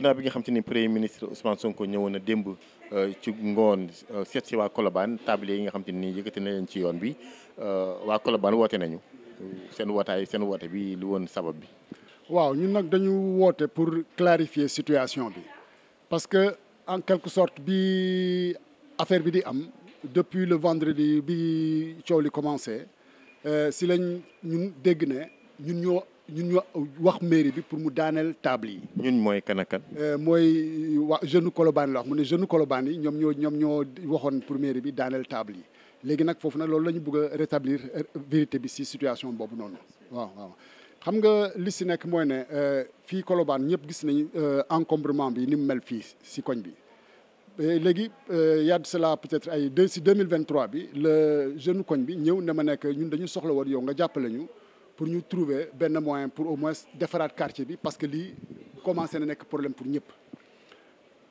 ginnaaw bi nga xam te ni premier ministre Ousmane Sonko ñëwoon na démb euh, ci ngoon euh, seet si waa Colobane tablier yi nga xam te ni yëkkati na ci yoon bi euh, waa Colobane woote nañu seen wootaay seen woote bi lu woon sabab bi. waaw ñun nag dañu woote pour clarifier situation bi parce que en quelque sorte bi affaire bi di am depuis le vendredi bi coow li commencé si lañ ñun dégg ne ñun ñoo ñun ñu wax mairie bi pour mu daaneel table yi. ñun mooy kan ak kan. Euh, mooy wa jeune Colobane la wax mu ne jeune Colobane yi ñoom ñoo ñoom ñoo waxoon pour mairie bi daaneel table yi léegi nag foofu nag loolu la ñu bëgg a rétablir euh, vérité bi si situation boobu noonu waaw xam nga li si nekk mooy ne euh, fii Colobane ñëpp gis nañ encombrement bi ni mu mel fii si koñ bi léegi y a de cela peut-être ay deux si deux mille vingt bi le jeune koñ bi ñëw na ma nekk ñun dañu soxla woon yow nga jàppale ñu. pour ñu trouver benn moyen pour au moins defaraat quartier bi parce que lii commencé na nekk problème pour ñëpp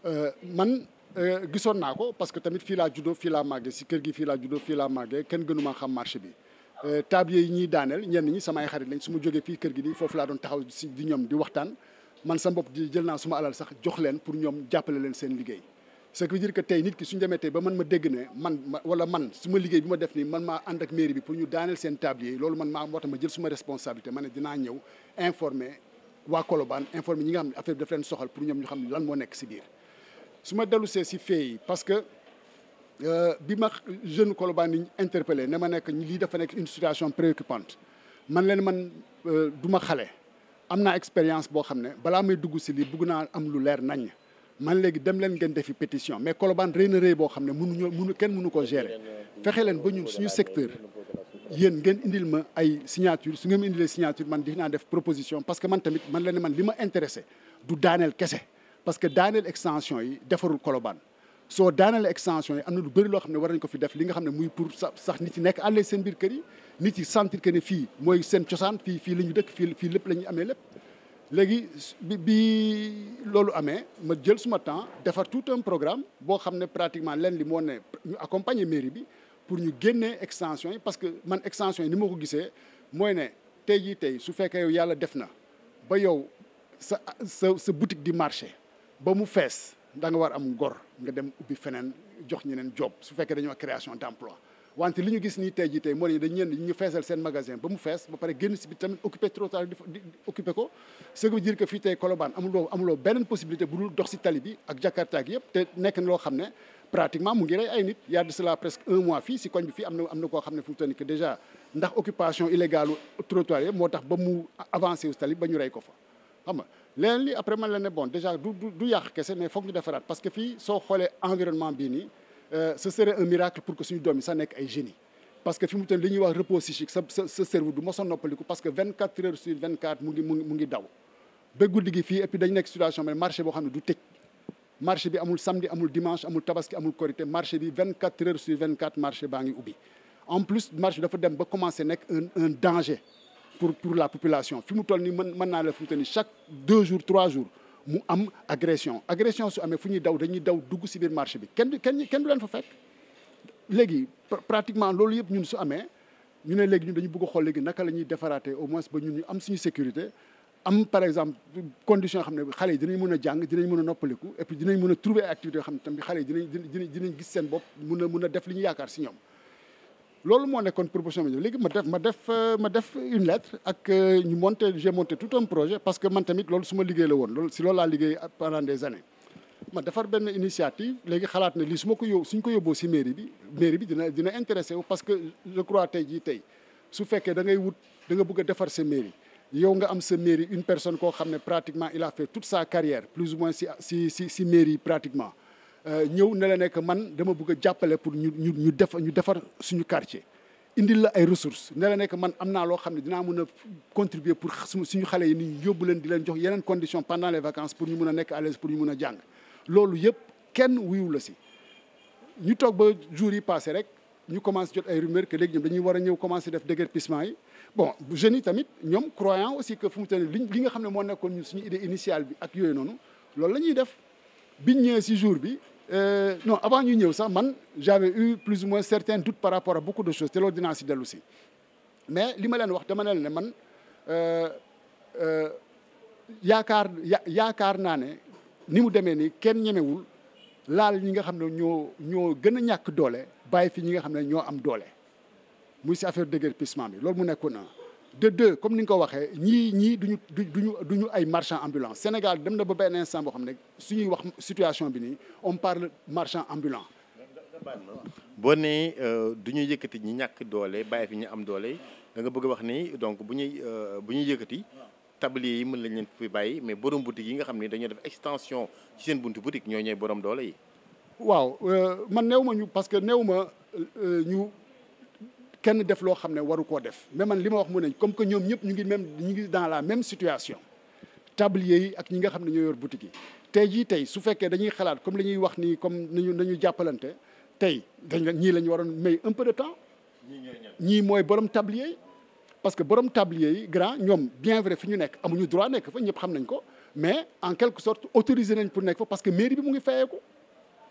euh, man euh, gisoon naa ko parce que tamit fii laa juddoo fii laa màggee si kër gi fii laa juddoo fii laa màggee kenn gënu xam marché bi euh, tablier yi ñuy daaneel ñeen ñi samay xarit lañ su ma jógee fii kër gi di foofu laa doon taxaw si di ñoom di waxtaan man sa bopp di jël naa suma alal sax jox leen pour ñoom jàppale leen seen liggéey ce qui veut dire que tey nit ki suñu demee tey ba man ma dégg ne man wala man su ma liggéey bi ma def nii man maa ànd ak mairie bi pour ñu daaneel seen tablier loolu man maa moo tax ma jël suma responsabilité ma ne dinaa ñëw informer waa Colobane informer ñi nga xam ne affaire bi daf leen soxal pour ñoom ñu xam lan moo nekk si biir su ma dellusee si fee parce que euh, bi ma jeune Colobane yi interpellé ne ma nekk lii dafa nekk une situation préoccupante man leen man euh, du xale am naa expérience boo xam ne balaa may dugg si lii bugg naa am lu leer nañ man léegi dem leen ngeen defi pétition mais Colobane rëy na rëy boo xam ne mënuñu mënu kenn mënu ko gérer fexe leen ba ñun suñu secteur yéen ngeen indil ma ay signature su ngeen indilee signature man dinaa def proposition parce que man tamit man la ne man li ma intéressé du daaneel kese parce que daaneel extension yi defarul Colobane soo daaneel extension yi am na lu bari loo xam ne war nañ ko fi def li nga xam ne muy pour sax nit yi nekk àllee seen biir kër yi nit yi sentir fii mooy seen cosaan fii fii la ñu dëkk fii fii lépp la ñuy amee lépp léegi bi bi loolu amee ma jël suma temps defar tout un programme boo xam ne pratiquement leen li moo ne ñu accompagner mairie bi pour ñu génnee extension yi parce que man extension yi ni ma ko gisee mooy ne tey jii tey su fekkee yow yàlla def na ba yow sa sa sa di marché ba mu fees da war am ngor nga dem ubbi feneen jox ñeneen job su fekkee dañoo création d'emploi wante li ñu gis nii tey jii tey moo ne dañ ñeen ñu feesal seen magasin ba mu fees ba pare génn si bi tamit occupé trottoir di occupé ko ce qui veut dire que fii tey Colobane amuloo amuloo beneen possibilité bu dul dox si tali bi ak Jakarta xam ne pratiquement mu ay nit yaa de cela presque mois fii si koñ bi fi am na am na koo xam ne fu mu toll nii que déjà ndax occupation illégale trottoir yëpp moo tax ba mu avancé wu si tali ba ñu rey ko fa xam nga leneen li après man la ne bon déjà du du yàq kese mais foog ñu defaraat parce que fii soo xoolee environnement bi nii Euh, ce serait un miracle pour que suñu doom yi sax nekk ay génie parce que fi mu toll li ñuy wax repos psychique sa sa sa cerveau du mos noppaliku parce que 24 heures sur 24 mu ngi mu ngi mu ngi daw ba guddi gi fii et puis dañu nekk situation mais marché boo xam ne du tëj marché bi amul samedi amul dimanche amul tabaski amul korité marché bi 24 heures sur 24 marché baa ngi ubbi en plus marché dafa dem ba commencé nekk un un danger pour pour la population fi mu toll nii mën mën naa la fi mu toll nii chaque deux mu am agression agression su amee fu ñuy daw dañuy daw dugg si biir marché bi kenn kenn kenn du leen fa fekk léegi pratiquement loolu yëpp ñun su amee ñu ne léegi ñu dañu bëgg a xool léegi naka la ñuy defaraatee au moins ba ñun ñu am suñu sécurité am par exemple condition yoo xam ne xale yi dinañ mën a jàng dinañ mën a noppaliku et puis dinañ mën a trouver activité yoo xam ne tamit xale yi dinañ dinañ gis seen bopp mun a mën a def liñu ñu yaakaar ci ñoom loolu moo nekkoon proposition bi léegi ma def ma def ma def une lettre ak euh, ñu monté j'ai tout un projet parce que man tamit loolu su ma liggéey la woon loolu si loolu laa liggéey pendant des années ma defar benn initiative léegi xalaat na lii su ma ko yób suñ ko yóbboo si mairie bi mairie bi dina dina intéressé wu parce que je crois tey jii tey su fekkee da ngay wut danga nga defar sa mairie yow nga am sa mairie une personne koo xam ne pratiquement il a fait toute sa carrière plus ou moins si Euh, ñëw ne la nekk man dama bëgg jàppale pour ñu ñu ñu defar ñu defar suñu quartier indil la ay ressource ne nekk man am naa loo xam ne dinaa mun a contribuer pour suñu xale yi ni yóbbu leen di leen jox yeneen condition pendant les vacances pour ñu mun a nekk à pour ñu mun a jàng loolu yëpp kenn wuyu la si ñu toog ba jour yi passé rek ñu commence jot ay rumeur que léegi ñoom dañuy war a ñëw commencé def déguerpissement yi bon jeunes yi tamit ñoom croyant aussi que fu mu toll nii li nga xam ne moo nekkoon suñu idée initiale bi ak yooyu noonu loolu la ñuy def biñ ñëwee si jour bi Euh, non avant ñu ñëw sax man j'avais eu plus ou moins certains doutes par rapport à beaucoup de choses te loolu dinaa si dellu si mais li ma leen wax dama leen ne man euh, euh, yaakaar yaakaar naa ne ni mu demee nii kenn ñemewul laal ñi nga xam ne ñoo ñoo gën a ñàkk doole bàyyi fi ñi nga xam ne ñoo am doole muy si affaire déguerpissement bi loolu mu nekkoon naa de deux comme ni nga ko waxee ñii ñii duñu du duñu duñu ay marchand ambulant Sénégal dem na ba benn instant boo xam ne suñuy wax situation bi nii on parle marchand ambulant boo nee euh, du ñu yëkkati ñi ñàkk doole bàyyi fi ñu am doole da nga bëgg wax ni donc bu ñuy euh, bu ñuy yëkkati tablier yi mën lañ leen fi bàyyi mais borom boutique yi nga xam ne dañoo def extension ci seen buntu boutique ñoo ñooy borom doole yi waaw euh, man néew ñu parce que néew ma ñu kenn def loo xam ne waru koo def mais man li ma wax mu ne comme que ñoom ñëpp ñu ngi même ñu ngi dans la même situation tablier yi ak ñi nga xam ne ñoo yor boutique yi tey jii tey su fekkee dañuy xalaat comme li ñuy wax nii comme nañu nañu jàppalante tey dañ la ñii la ñu waroon may un peu de temps ñii mooy borom tablier yi parce que borom tablier yi grand ñoom bien vrai fi ñu nekk amuñu droit nekk fa ñëpp xam nañ ko mais en quelque sorte autorisé nañ pour nekk fa parce que bi mu ngi fayeeku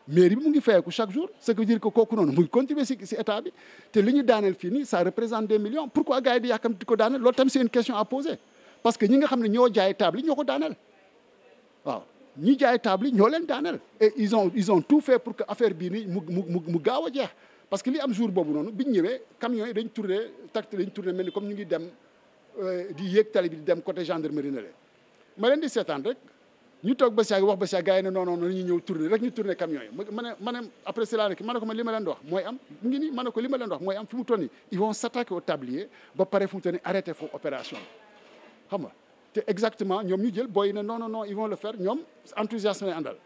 mairie bi mu ngi fayeeku chaque jour ce qui veut dire que kooku noonu mu ngi continuer si si état bi te li ñu daaneel fii nii représente des millions pourquoi gars yi di ko daaneel loolu tam c'est une question à poser parce que ñi nga xam ne ñoo jaay table ñoo ko daaneel waaw ñi jaay table yi ñoo leen daaneel et ils ont ils ont tout fait pour que affaire bii nii mu mu mu gaaw a jeex parce que li am jour boobu noonu bi ñëwee camions yi dañ tourné tact dañ tourné mel ni comme ñu ngi dem euh, di yéeg tali bi di dem côté na ma leen di seetaan rek ñu toog ba si yàgg wax ba si yàgg gars yi ne non non ñu ñëw tourner rek ñu tourner camion yi ma ne ma après cela nag ma ko man li leen wax mooy am ngi nii ma ko li leen wax mooy am fi mu toll nii ils tablier ba pare fu mu toll arrêter foofu opération bi xam nga te exactement ñoom ñu jël booy ne noon non non ils vont le faire ñoom enthousiasme lay àndal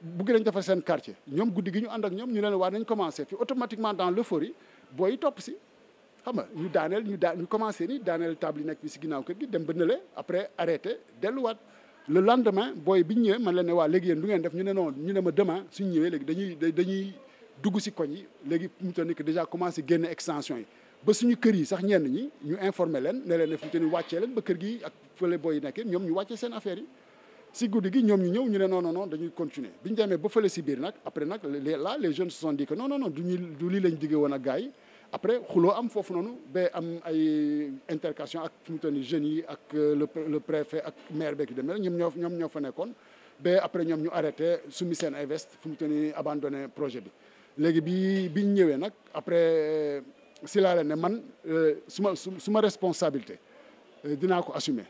bëgg nañ defar seen quartier ñoom guddi gi ñu ànd ñoom ñu leen waa nañ commencé fi automatiquement dans l'euphorie booy yi topp si xam ñu daaneel ñu daa ñu commencé ni daaneel table yi bi si ginnaaw kër gi dem ba nële après arrêté le lendemain booy bi ñu ñëwee man leen waa léegi yen du ngeen def ñu ne non ñu ne ma demain suñ ñëwee léegi dañuy dañuy dugg si koñ yi léegi fu mu toll nii déjà commencé génne extension yi ba suñu kër yi sax ñenn ñi ñu informé leen ne leen ne fu mu toll nii wàccee leen ba kër gi ak fële booy nekkee ñoom ñu wàccee seen affaire yi si guddi gi ñoom ñu ñëw ñu ne non dañuy continuer bi ñu demee ba fële si biir nag après nag là les jeunes se sont dit que après xuloo am foofu noonu ba am ay intercation ak fi mu toni nii jeunes yi ak euh, le préfet ak maire beeg yu demee ñoom ñoo ñoom ñoo fa nekkoon ba après ñoom ñu arrêté sumi seen ay veste fi mu toll nii abandonné projet bi. léegi bi bi ñu ñëwee nag après euh, si laa leen ne man euh, suma suma responsabilité dinaa ko assumer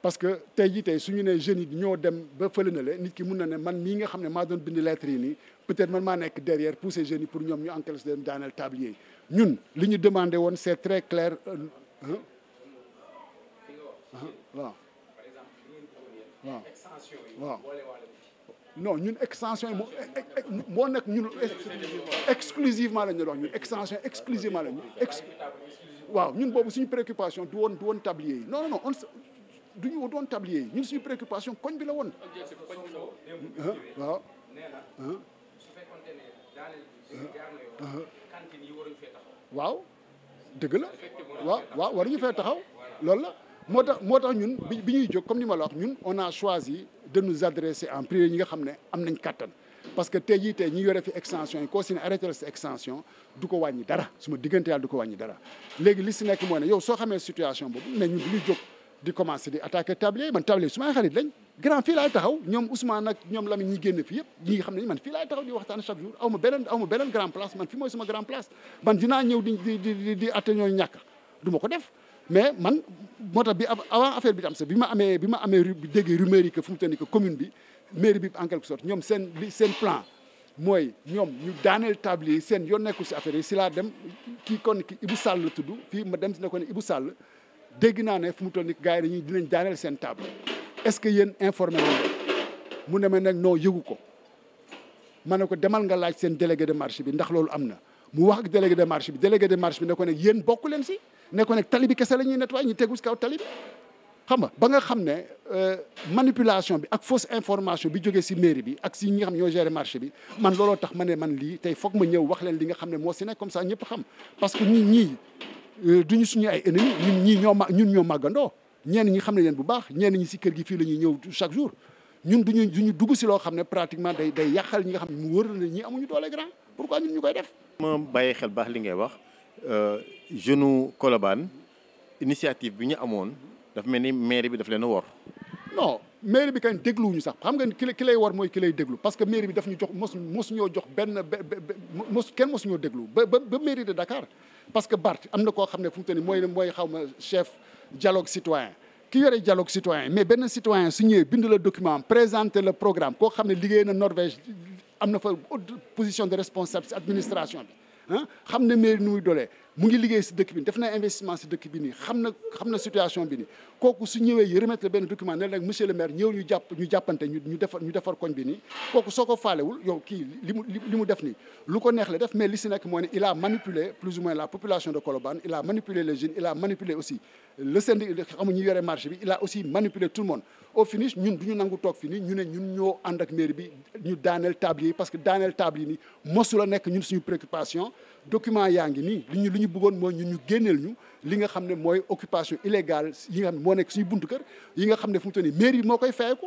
parce que tey jii su ñu nee jeunes yi ñoo dem ba fële na le nit ki mun na ne man mii nga xam ne maa doon bind lettre yi nii peut-être man maa nekk derrière pour ces jeunes yi pour ñoom ñu yi. ñun li ñu demandé woon c'est très clair euh, waaw waaw waaw non ñun extension yi moo e, e, e, nekk ñun exclusivement la ñu dox ñun extension exclusivement la ñu waaw ñun boobu suñu préoccupation du woon du woon tablier yi non non on du ñu doon tablier yi ñun suñu préoccupation koñ bi la woon waaw waaw dëgg la waaw waaw ñu fee taxaw loolu la moo tax moo tax ñun bi bi ñuy jóg comme ni ma la wax ñun on a choisi de nous adresser en priorité ñi nga xam ne am nañ kàttan parce que tey jii tey ñi yore fi extension yi koo si ne arrêté la sa extension du ko wàññi dara suma diggante yàlla du ko wàññi dara léegi li si nekk mooy ne yow soo xamee situation boobu ne ñun du ñu jóg di commencé di attaque tablier man tablier su may xarit lañ grand fii laay taxaw ñoom Ousmane ak ñoom Lamine ñi génn fii yëpp ñi nga xam ne man fii laay taxaw di waxtaan chaque jour aw ma beneen aw ma beneen grand place man fi mooy sama grand place man dinaa ñëw di di di di atte ma ko def mais man moo tax bi avant affaire bi tam sax bi ma amee bi ma amee bi déggee rumeur yi que fu mu toll nii que commune bi mairie bi en quelque sorte ñoom seen li seen plan mooy ñoom ñu daaneel tablier yi seen yoon nekkul si affaire yi si laa dem kii kon ki Ibou Sall la tudd fii ma dem si ne ko ne Sall dégg naa ne fu mu toll nii gars yi dañuy dinañ daaneel seen table est-ce que yéen informé mu ne ma nag non ko ma ne ko demal nga laaj seen délégué de marché bi ndax loolu am na mu wax ak délégué de marché bi délégué de marché bi ne ko nag yéen bokku leen si ne ko talibi tali bi kese la ñuy nettoyé ñu tegu si kaw tali xam nga ba nga xam ne euh, manipulation bi ak fausse information bi jógee si mairie bi ak si ñi nga xam ñoo gérer marché bi man looloo tax ma ne man lii tey foog ma ñëw wax leen li nga xam ne moo si nekk comme ñëpp xam parce que ñun ñii euh, duñu suñu ay ennemis ñun ñii ñoo ma ñun ñoo màggandoo ñenn ñi xam ne leen bu baax ñenn ñi si kër gi fii la ñëw ñëw chaque jour ñun duñu duñu dugg si loo xam ne pratiquement day day yàqal ñi nga xam ne mu wër na ñi amuñu doole grand pourquoi ñun ñu koy def. ma bàyyi xel baax li ngay wax euh, jeune Colobane initiative bi ñu amoon dafa mel ni mairie bi daf leen a wor. non mairie bi kañ dégluwuñu sax xam nga ki ki mooy ki lay parce que mairie bi daf ñu jox mos mos ñoo jox benn mos kenn mos ñoo déglu ba ba mairie de Dakar parce que Bart am na koo xam ne fu te toll nii mooy mooy xaw ma chef. dialogue citoyen ki yore dialogue citoyen mais benn citoyen su ñëwee bind la document présenter la programme koo xam ne liggéey na Norvège am na fa position de responsable si administration bi ah xam ne mais nuy muy mu ngi liggéey si dëkk bi def na investissement si dëkk bi nii xam na xam na situation bi nii kooku su ñëwee remettre benn document ne la monsieur le maire ñëw ñu jàppante ñu defar koñ bi nii kooku soo ko faalewul yow kii li mu li def nii lu ko neex le def mais li si nekk moo ne il a manipulé plus ou moins la population de Colobane il a manipulé les jeunes il a aussi le syndicat xamu ñu yore marché bi il aussi manipulé tout le monde au finish ñun du ñu nangu toog fii ñu ne ñun ñoo ànd ak maire bi ñu que daaneel tablier yi nii mosu la nekk ñun suñu préoccupation document yaa ñu bëggoon mooy ñun ñu génneel ñu li nga xam ne mooy occupation illégale yi nga xam ne moo nekk si buntu kër yi nga xam ne fu mu toll nii mairie bi moo koy fayeeku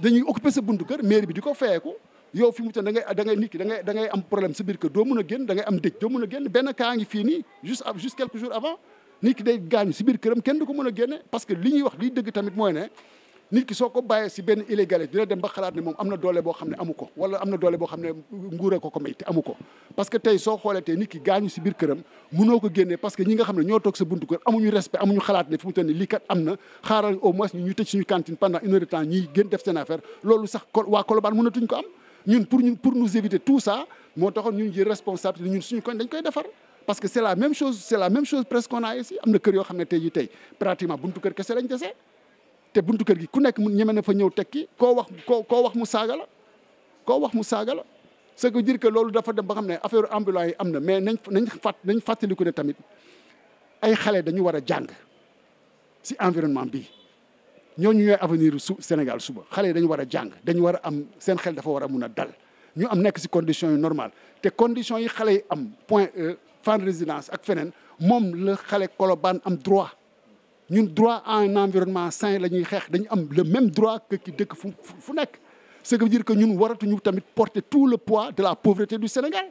dañuy occupé kër mairie bi di ko fayeeku yow fi mu toll da ngay da ngay da ngay am problème sa biir kër doo mën a génn da am dëj doo mën a génn benn cas ngi fii nii juste juste quelques jours avant nit ki day gaañu si biir këram kenn du ko mën a génne parce que li ñuy wax liy dëgg tamit mooy ne nit ki soo ko bàyyee si benn illégalité dina dem ba xalaat ne moom am na doole boo xam ne amu ko wala am na doole boo xam ne nguur ko ko may te amu ko parce que tey soo xoolee tey nit ki gaañu si biir këram mënoo ko génnee parce que ñi nga xam ne ñoo toog sa buntu kër amuñu respect amuñu xalaat ne fi mu toll nii lii kat am na xaaral au moins ñu tëj suñu cantine pendant une heure de temps ñuy gën def seen affaire loolu sax waa Colobane mënatuñ ko am ñun am te buntu kër gi ku nekk ñeme na fa ñëw tekki koo wax koo koo wax mu saaga la koo wax mu saaga la ce que veut dire loolu dafa dem ba xam ne affaire ambulant yi am na mais nañ nañ fàtt nañ fàttaliku ne tamit ay xale dañu war a jàng si environnement bi ñooñu ñooy avenir su Sénégal suba xale yi dañu war a jàng dañu war a am seen xel dafa war a mun a dal ñu am nekk si conditions yi normal te conditions yi xale yi am point E fan résidence ak feneen moom la xale Colobane am droit ñun droit en un environnement sain la ñuy xeex dañu am le même droit que ki dëkk fu fu nekk ce qui dire que ñun waratuñu tamit porter tout le pois de la pauvreté du Sénégal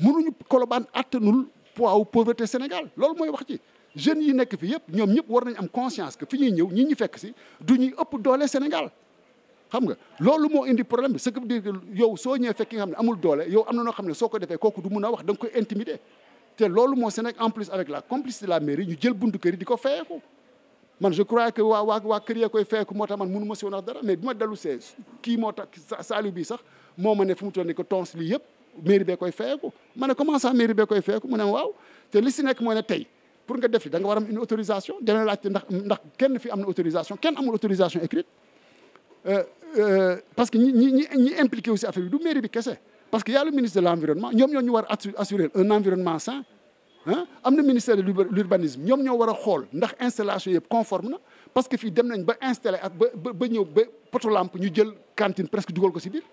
mënuñu Colobane attanul poids wu pauvreté Sénégal loolu mooy wax ci jeunes yi nekk fi yëpp ñoom ñëpp war nañ am conscience que fi ñuy ñëw ñi ñu fekk si du ñuy ëpp doole Sénégal xam nga loolu moo indi problème bi ce dire que yow soo ñëwee fekk nga xam ne amul doole yow am na noo xam ne soo ko defee kooku du mun a wax da koy intimider te loolu moo si nekk en plus avec la complicité de la mairie ñu jël buntu kër yi di ko feyeeku man je crois que waa waa waa kër ya koy feyeeku moo tax man mënu ma si woon dara mais bi ma dellu see kii moo tax Saliou bi sax moo ma ne fu mu toll nii ko tons lii yëpp mairie bee koy feyeeku ma ne comment a mairie bee koy feyeeku mu ne waaw te li si nekk mooy ne tey pour nga def li danga nga war am une autorisation dana laajte ndax ndax kenn fi am na autorisation kenn amul autorisation écrite euh, euh, parce que ñi ñi ñi impliqué aussi affaire bi du mairie bi kese parce que y a le ministre de l'environnement ñoom ñoo ñu war am na ministère de l'urbanisme ñoom ñoo war xool ndax installation yëpp conforme na parce que fii dem nañ ba installé ak ba ba ñëw ba poto ñu jël cantine presque dugal ko si biir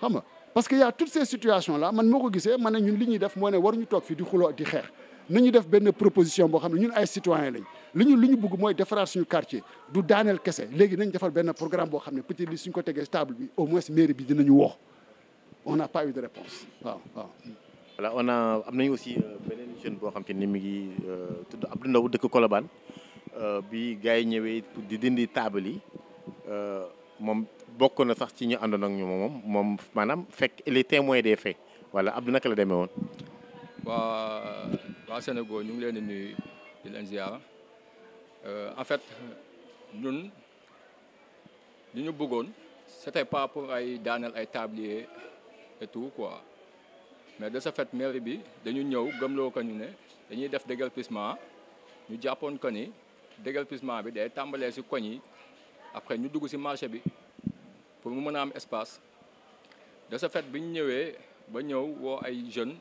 xam nga parce que y toutes ces situations là man moo ko gisee man ne ñun li ñuy def moo ne waruñu toog fii di xuloo di xeex nañu def benn proposition boo xam ne ñun ay citoyen lañ li ñu li mooy defaraat suñu quartier du daaneel kese léegi nañ defar benn programme boo xam ne peut-être li suñ ko tegee stable bi au moins on a pas eu de réponse waaw waaw. on a am nañu aussi euh, beneen jeune boo xam te ni mi ngi euh, tudd Abdou Ndaw dëkk Colobane euh, bi gars yi ñëwee di dindi taabal yi moom bokk na sax ci ñu àndoon ak ñu moom moom maanaam fekk les témoins des faits voilà Abdou naka la demee woon. waa waa Sénégal ñu ngi leen di nuyu di leen ziar en fait ñun li ñu bëggoon c'était pas pour ay daanal ay tablier. et tout quoi mais de ce fait mairie bi dañu ñëw gëmloo ko ñu ne dañuy def déguerpissement ñu jàppoon ko ni déguerpissement bi day tàmbalee si koñ yi après ñu dugg si marché bi pour mu mën a am espace de ce fait bi ñu ñëwee ba ñëw woo ay jeunes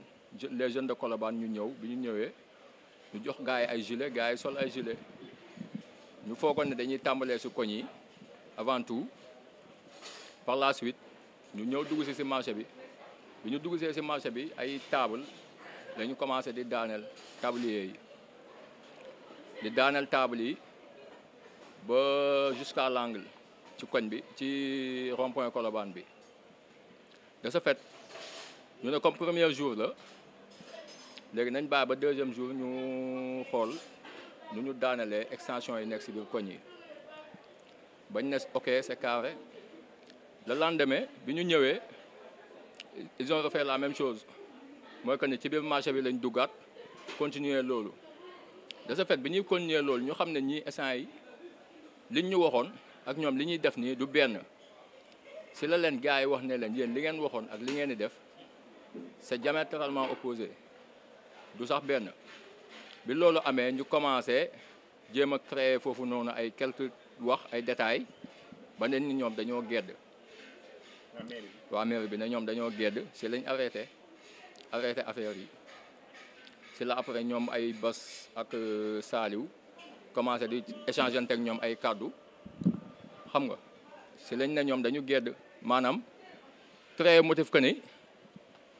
les jeunes de Colobane ñu ñëw bi ñu ñëwee ñu jox gars yi ay gilet gars yi sol ay gilet ñu foogoon ne dañuy tàmbalee si koñ yi avant tout par la suite ñu ñëw dugg si si marché bi bi ñu dugg si marché bi ay table dañu commencé di daaneel tablier yi di daaneel table yi ba jusqu'à l'angle ci koñ bi ci rond-point Colobane bi de ce fait ñu ne comme premier jour la léegi nañ bàyyi ba deuxième jour ñu xool nu ñu daanalee extension yi nekk si biir koñ yi bañ ne ok c'est carré le lendemain bi ñu ñëwee ils ont refait la même chose mooy que ni ci biir marché bi lañ duggaat continuer loolu de ce bi ñuy continuer loolu ñu xam ne ñii essence yi liñ ñu waxoon ak ñoom li ñuy def nii du benn si la leen gars yi wax ne leen yéen li ngeen waxoon ak li ngeen di def c'est diamétralement opposé du sax benn bi loolu amee ñu commencé jéem a créer foofu noonu ay quelques wax ay détails ba ne ni ñoom dañoo gedd waa mairie bi ne ñoom dañoo gedd si lañ arrêté arrêté affaire yi si la après ñoom ay Bas ak euh, Saliou commencé di échanger ak ñoom ay kàddu xam nga si lañ na ñoom dañu gedd maanaam très motif que ni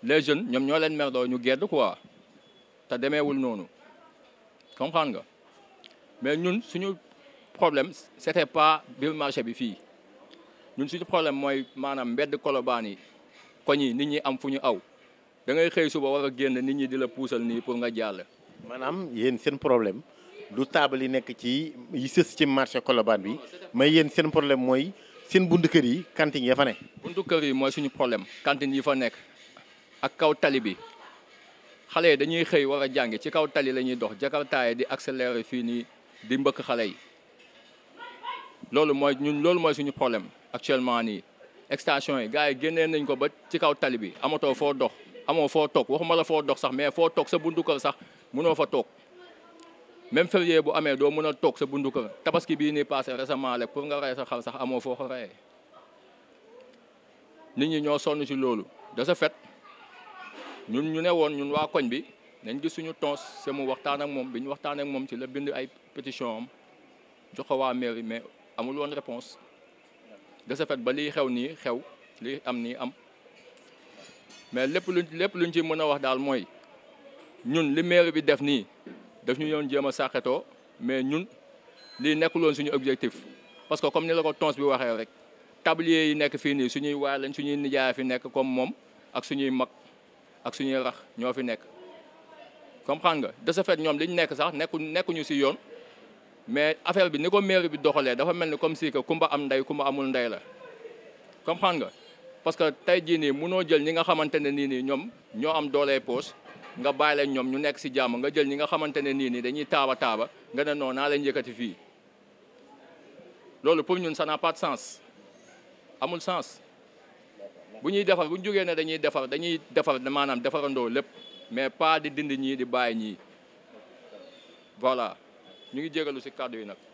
les jeunes ñoom ñoo leen merloo ñu gedd quoi te demeewul noonu comprendre nga mais ñun suñu problème c'était pas biir marché bi fii ñun suñu problème mooy maanaam mbedd kolobaan yi koñ yi nit ñi am fu ñu aw dangay xëy suba war a génn nit ñi di la puusal nii pour nga jàll. maanaam yéen seen problème du taabal yi nekk ci yi sës ci marché kolobaan bi mais yéen seen problème mooy seen buntu kër yi cantine ya fa ne. buntu kër yi mooy suñu problème cantine yi fa nekk ak kaw tali bi. xale yi dañuy xëy war a jàngi ci kaw tali la ñuy dox jakartaaye di accélérer fii nii di mbëkk xale yi loolu mooy ñun loolu mooy suñu problème actuellement nii extension yi gars yi génnee nañ ko ba ci kaw tali bi amatoo foo dox amoo foo toog waxumala foo dox sax mais foo toog sa buntu kër sax mënoo fa toog même février bu amee doo mun a toog sa buntu kër tabaski bii nii passé récemment rek pour nga rey sa xar sax amoo foo ko reyee nit ñi ñoo sonn si loolu de ce fait ñun ñu ne woon ñun waa koñ bi nañ gis suñu tons se mu waxtaan ak moom bi ñu waxtaan moom ci la bind ay pétition am jox ko waa mairie mais amul woon réponse de ba liy xew nii xew lii am nii am mais lépp lu lépp luñ ci mën a wax daal mooy ñun li maire bi def nii daf ñu yoon jéem a sàqetoo mais ñun lii nekkuloon suñu objectif parce que comme ni la ko tons bi waxee rek tablier yi nekk fii nii suñuy waay lañ suñuy nijaay fi nekk comme moom ak suñuy mag ak suñuy rax ñoo fi nekk comprendre nga de ce ñoom liñ nekk sax nekku nekkuñu si yoon mais affaire bi ni ko mairie bi doxalee dafa mel ni comme si que kumba am ndey kumba amul ndey la comprendre nga parce que tey jii nii munoo jël ñi nga xamante ne nii nii ñoom ñoo am doolee poche nga bàyyi ñoom ñu nekk si jàmm nga jël ñi nga xamante ne nii nii dañuy taaba taaba nga ne non naa leen yëkkati fii loolu pour ñun sanaa n'a pas sens amul sens bu ñuy defar bu ñu jógee ne dañuy defar dañuy defar maanaam defarandoo lépp mais pas di dindi ñii di baay ñii voilà ñu ngi jégalu si kàddu yi nag.